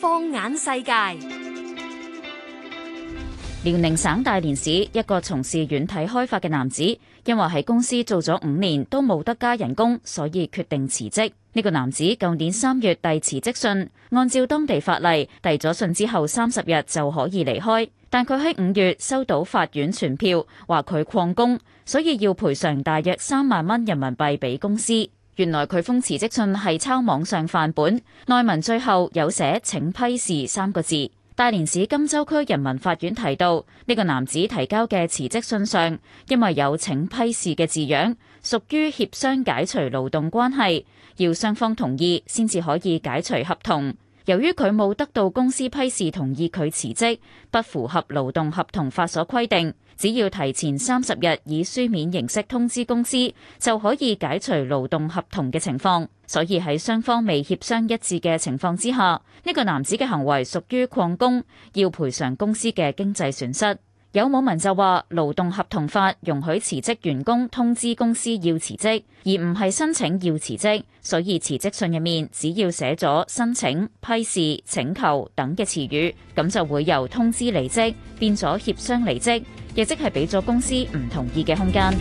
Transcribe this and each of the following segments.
放眼世界，遼寧省大連市一個從事軟體開發嘅男子，因為喺公司做咗五年都冇得加人工，所以決定辭職。呢個男子舊年三月遞辭職信，按照當地法例，遞咗信之後三十日就可以離開。但佢喺五月收到法院傳票，話佢曠工，所以要賠償大約三萬蚊人民幣俾公司。原來佢封辭職信係抄網上範本，內文最後有寫請批示三個字。大連市金州區人民法院提到，呢個男子提交嘅辭職信上，因為有請批示嘅字樣，屬於協商解除勞動關係，要雙方同意先至可以解除合同。由於佢冇得到公司批示同意佢辭職，不符合勞動合同法所規定，只要提前三十日以書面形式通知公司，就可以解除勞動合同嘅情況。所以喺雙方未協商一致嘅情況之下，呢個男子嘅行為屬於曠工，要賠償公司嘅經濟損失。有網民就話，勞動合同法容許辭職員工通知公司要辭職，而唔係申請要辭職，所以辭職信入面只要寫咗申請批示請求等嘅詞語，咁就會由通知離職變咗協商離職，亦即係俾咗公司唔同意嘅空間。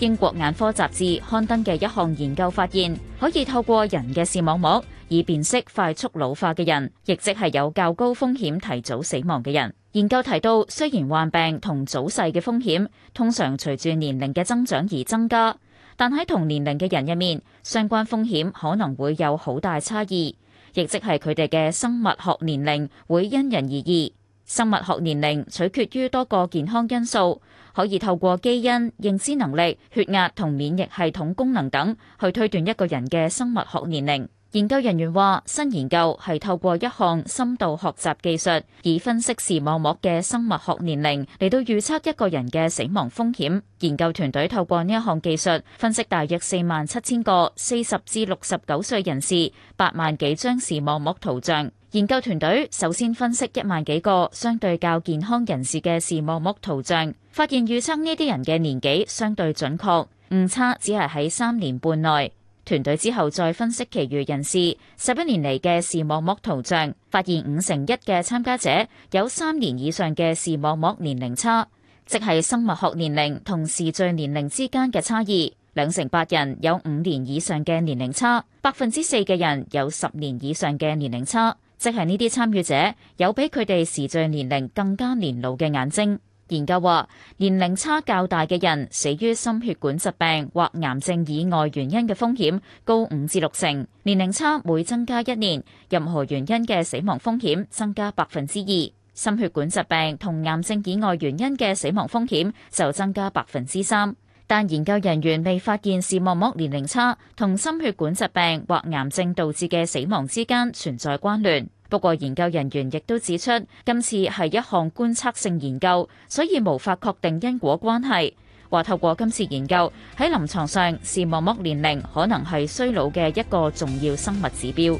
英國眼科雜誌刊登嘅一項研究發現，可以透過人嘅視網膜以辨識快速老化嘅人，亦即係有較高風險提早死亡嘅人。研究提到，雖然患病同早逝嘅風險通常隨住年齡嘅增長而增加，但喺同年齡嘅人入面，相關風險可能會有好大差異，亦即係佢哋嘅生物學年齡會因人而異。生物學年齡取決於多個健康因素，可以透過基因、認知能力、血壓同免疫系統功能等去推斷一個人嘅生物學年齡。研究人員話，新研究係透過一項深度學習技術以分析視網膜嘅生物學年齡，嚟到預測一個人嘅死亡風險。研究團隊透過呢一項技術，分析大約四萬七千個四十至六十九歲人士，八萬幾張視網膜圖像。研究團隊首先分析一萬幾個相對較健康人士嘅視網膜圖像，發現預測呢啲人嘅年紀相對準確，誤差只係喺三年半內。團隊之後再分析其餘人士十一年嚟嘅視網膜圖像，發現五成一嘅參加者有三年以上嘅視網膜年齡差，即係生物學年齡同時序年齡之間嘅差異。兩成八人有五年以上嘅年齡差，百分之四嘅人有十年以上嘅年齡差。即係呢啲參與者有比佢哋時序年齡更加年老嘅眼睛。研究話，年齡差較大嘅人死於心血管疾病或癌症以外原因嘅風險高五至六成。年齡差每增加一年，任何原因嘅死亡風險增加百分之二。心血管疾病同癌症以外原因嘅死亡風險就增加百分之三。但研究人員未發現視網膜年齡差同心血管疾病或癌症導致嘅死亡之間存在關聯。不過，研究人員亦都指出，今次係一項觀察性研究，所以無法確定因果關係。話透過今次研究，喺臨床上，視網膜年齡可能係衰老嘅一個重要生物指標。